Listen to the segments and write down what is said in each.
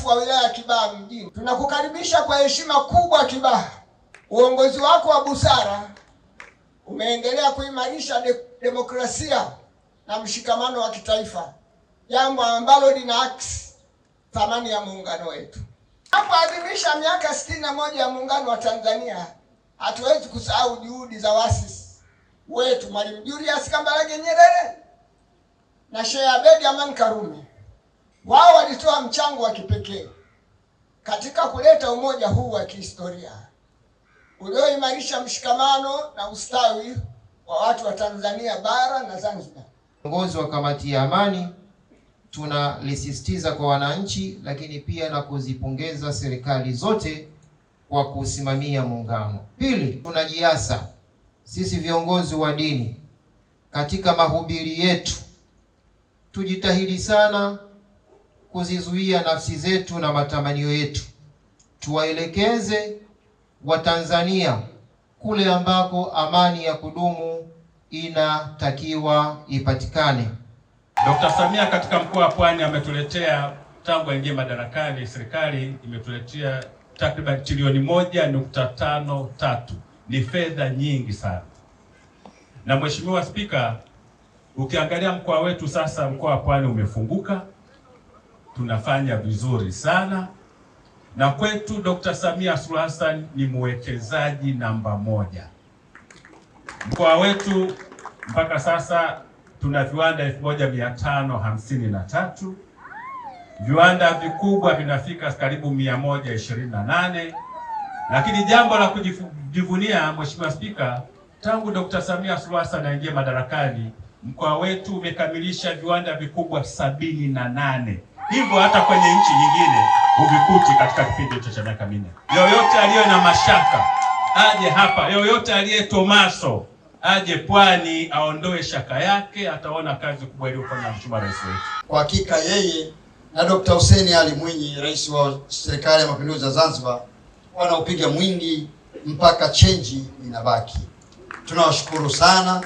askofu wa wilaya ya Kibaha mjini, tunakukaribisha kwa heshima kubwa Kibaha. Uongozi wako wa busara umeendelea kuimarisha de demokrasia na mshikamano wa kitaifa, jambo ambalo lina akisi thamani ya muungano wetu. Tunapoadhimisha miaka sitini na moja ya muungano wa Tanzania, hatuwezi kusahau juhudi za waasisi wetu Mwalimu Julius Kambarage Nyerere na Sheikh Abeid Amani Karume. Wao walitoa mchango wa kipekee katika kuleta umoja huu wa kihistoria ulioimarisha mshikamano na ustawi wa watu wa Tanzania bara na Zanzibar. Viongozi wa kamati ya amani, tunalisisitiza kwa wananchi, lakini pia na kuzipongeza serikali zote kwa kusimamia muungano. Pili, tunajiasa sisi viongozi wa dini katika mahubiri yetu tujitahidi sana kuzizuia nafsi zetu na matamanio yetu. Tuwaelekeze Watanzania kule ambako amani ya kudumu inatakiwa ipatikane. Dkt. Samia katika mkoa wa Pwani ametuletea tangu aingie madarakani, serikali imetuletea takriban trilioni moja nukta tano tatu. Ni fedha nyingi sana. Na Mheshimiwa Spika, ukiangalia mkoa wetu sasa, mkoa wa Pwani umefunguka tunafanya vizuri sana, na kwetu Dr. Samia Suluhu Hassan ni mwekezaji namba moja. Mkoa wetu mpaka sasa tuna viwanda 1553 viwanda vikubwa vinafika karibu 128, lakini jambo la kujivunia Mheshimiwa Spika, tangu Dr. Samia Suluhu Hassan aingie madarakani mkoa wetu umekamilisha viwanda vikubwa sabini na nane hivyo hata kwenye nchi nyingine uvikuti katika kipindi hicho cha miaka minne. Yoyote aliyo na mashaka aje hapa, yoyote aliye Tomaso aje Pwani aondoe shaka yake, ataona kazi kubwa iliyofanywa na Mheshimiwa Rais wetu. Kwa hakika yeye na Dr. Hussein Ali Mwinyi, rais wa serikali ya mapinduzi ya Zanzibar, wanaopiga mwingi mpaka chenji inabaki. Tunawashukuru sana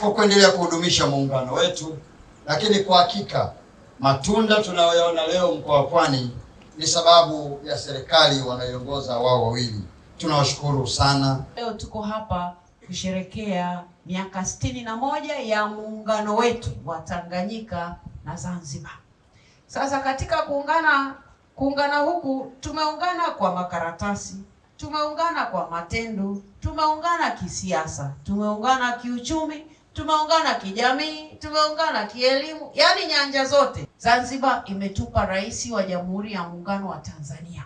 kwa kuendelea kuhudumisha muungano wetu, lakini kwa hakika Matunda tunayoyaona leo mkoa wa Pwani ni sababu ya serikali wanayoongoza wao wawili. Tunawashukuru sana. Leo tuko hapa kusherekea miaka sitini na moja ya muungano wetu wa Tanganyika na Zanzibar. Sasa katika kuungana kuungana huku tumeungana kwa makaratasi, tumeungana kwa matendo, tumeungana kisiasa, tumeungana kiuchumi tumeungana kijamii, tumeungana kielimu, yaani nyanja zote. Zanzibar imetupa rais wa Jamhuri ya Muungano wa Tanzania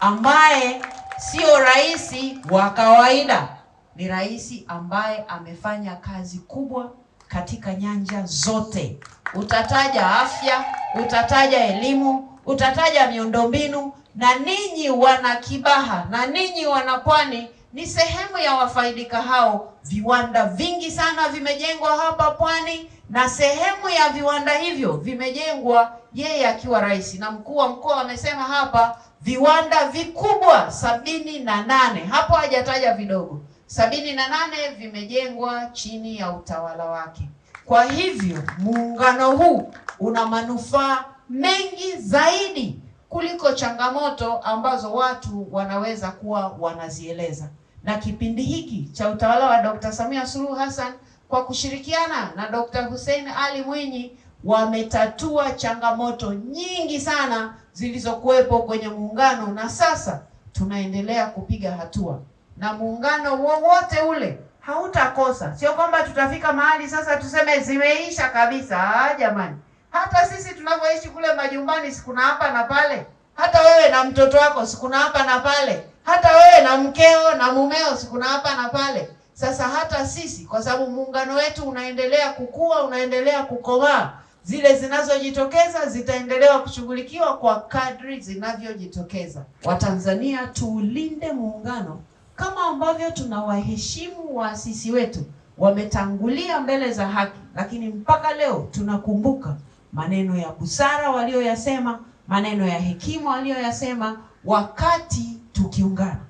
ambaye sio rais wa kawaida, ni rais ambaye amefanya kazi kubwa katika nyanja zote. Utataja afya, utataja elimu, utataja miundombinu, na ninyi wana Kibaha na ninyi wana Pwani ni sehemu ya wafaidika hao. Viwanda vingi sana vimejengwa hapa Pwani, na sehemu ya viwanda hivyo vimejengwa yeye akiwa rais, na mkuu wa mkoa amesema hapa viwanda vikubwa sabini na nane, hapo hajataja vidogo, sabini na nane vimejengwa chini ya utawala wake. Kwa hivyo muungano huu una manufaa mengi zaidi kuliko changamoto ambazo watu wanaweza kuwa wanazieleza. Na kipindi hiki cha utawala wa Dr. Samia Suluhu Hassan kwa kushirikiana na Dr. Hussein Ali Mwinyi wametatua changamoto nyingi sana zilizokuwepo kwenye muungano, na sasa tunaendelea kupiga hatua, na muungano wowote ule hautakosa. Sio kwamba tutafika mahali sasa tuseme zimeisha kabisa. Ah, jamani. Hata sisi tunavyoishi kule majumbani, sikuna hapa na pale. Hata wewe na mtoto wako, sikuna hapa na pale. Hata wewe na mkeo na mumeo, sikuna hapa na pale. Sasa hata sisi, kwa sababu muungano wetu unaendelea kukua, unaendelea kukomaa, zile zinazojitokeza zitaendelea kushughulikiwa kwa kadri zinavyojitokeza. Watanzania, tuulinde muungano kama ambavyo tunawaheshimu waasisi wetu wametangulia mbele za haki, lakini mpaka leo tunakumbuka maneno ya busara walioyasema, maneno ya hekima walioyasema wakati tukiungana.